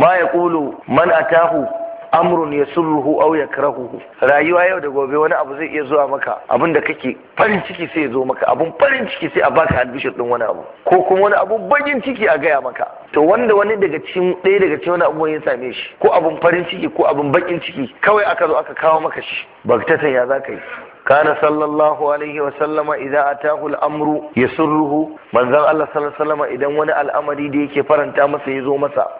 ma ƙulu man atahu amrun yasurruhu aw yakrahuhu rayuwa yau da gobe wani abu zai iya zuwa maka abin da kake farin ciki sai ya zo maka abun farin ciki sai a baka albishir din wani abu ko kuma wani abu bagin ciki a gaya maka to wanda wani daga cikin ɗaya daga cikin wani abu ya same shi ko abun farin ciki ko abun bakin ciki kawai aka zo aka kawo maka shi baktatan ya za ka yi كان صلى الله عليه وسلم إذا أتاه الأمر يسره من ذا الله صلى الله عليه وسلم إذا ونأ الأمر ديك فرنتا مسا يزو masa.